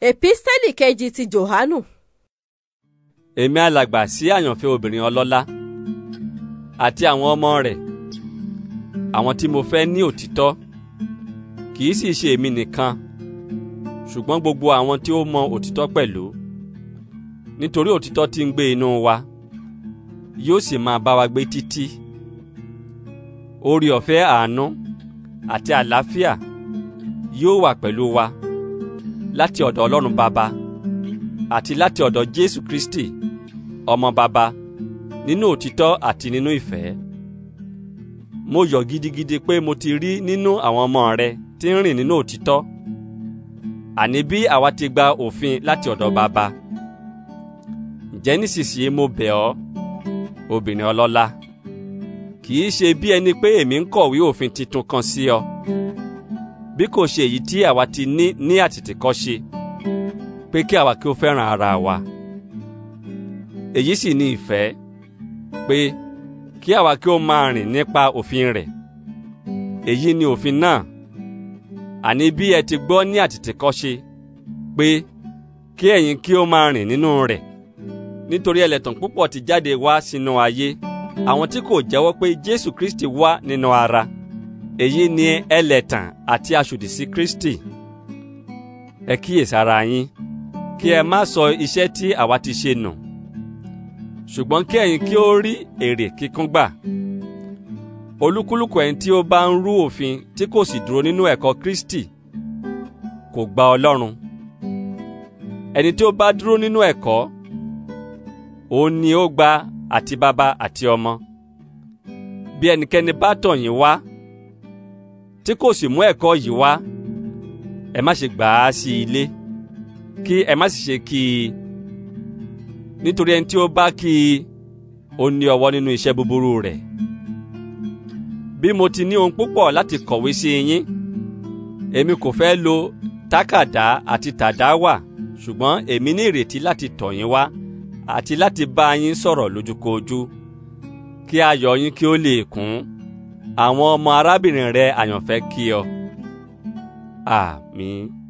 èpísítẹ́lì kejì ti jòhánù. èmi alàgbà sí àyànfẹ́ obìnrin ọlọ́lá àti àwọn ọmọ rẹ̀ àwọn tí mo fẹ́ ní òtítọ́ kì í sì ṣe èmi nìkan ṣùgbọ́n gbogbo àwọn tí ó mọ òtítọ́ pẹ̀lú nítorí òtítọ́ tí ń gbé inú wa yóò sì máa bá wa gbé títí oore ọ̀fẹ́ àánú àti àlàáfíà yóò wà Pẹ̀lú wa láti ọ̀dọ̀ ọlọ́run bàbá àti láti ọ̀dọ̀ jésù kristi ọmọ bàbá nínú òtítọ́ àti nínú ìfẹ́ mo yọ̀ gidigidi pé mo ti rí nínú àwọn ọmọ rẹ tí ń rìn nínú òtítọ́ àní bí àwa ti gba òfin láti ọ̀dọ̀ bàbá ǹjẹ́ nísinsìnyí mo bẹ̀ ọ́ obìnrin ọlọ́lá kì í ṣe bí ẹni pé èmi ń kọ̀wé òfin titun kan sí ọ bí kò ṣe èyí tí àwa ti ní ní àtìtìkọ́ṣe pé kí àwa kí ó fẹ́ràn ara wa èyí sì ni ìfẹ́ pé kí àwa kí ó máa rìn nípa òfin rẹ̀ èyí ni òfin náà àní bí ẹ ti gbọ́ ní àtìtìkọ́ṣe pé kí ẹ̀yin kí ó máa rìn nínú rẹ̀ nítorí ẹlẹ́tàn púpọ̀ ti jáde wá sínú ayé àwọn tí kò jẹ́wọ́ pé Jésù Kristi wá nínú ara èyí ni ẹlẹ́tàn àti aṣòdì sí Kristi ẹ kíyèsára yín kí ẹ má sọ iṣẹ́ tí àwa ti ṣe nù ṣùgbọ́n kí ẹ̀yin kí ó rí èrè kíkún gbà olúkúlùkù ẹni tí ó bá ń rú òfin tí kò sì dúró nínú ẹ̀kọ́ Kristi kò gba Ọlọ́run ẹni tí ó bá dúró nínú ẹ̀kọ́ òun ni ó gba àti bàbá àti ọmọ bí ẹnikẹ́ni bá tọ̀ wá tí kò sì mú ẹ̀kọ́ yìí wá ẹ má ṣe gbà á sí ilé kí ẹ má sì ṣe kí i nítorí ẹni tí ó bá kí i ó ní ọwọ́ nínú iṣẹ́ búburú rẹ̀ bí mo ti ní ohun púpọ̀ láti kọ̀wé sí yín èmi kò fẹ́ lo tákàdá àti tàdáwà ṣùgbọ́n èmi ní ìrètí láti tọ̀ yín wá àti láti bá yín sọ̀rọ̀ lójúkojú kí ayọ̀ yín kí ó lè kún. àwọn ọmọ arábìnrin rẹ àyànfẹ́ kí ọ. àmín. Ah,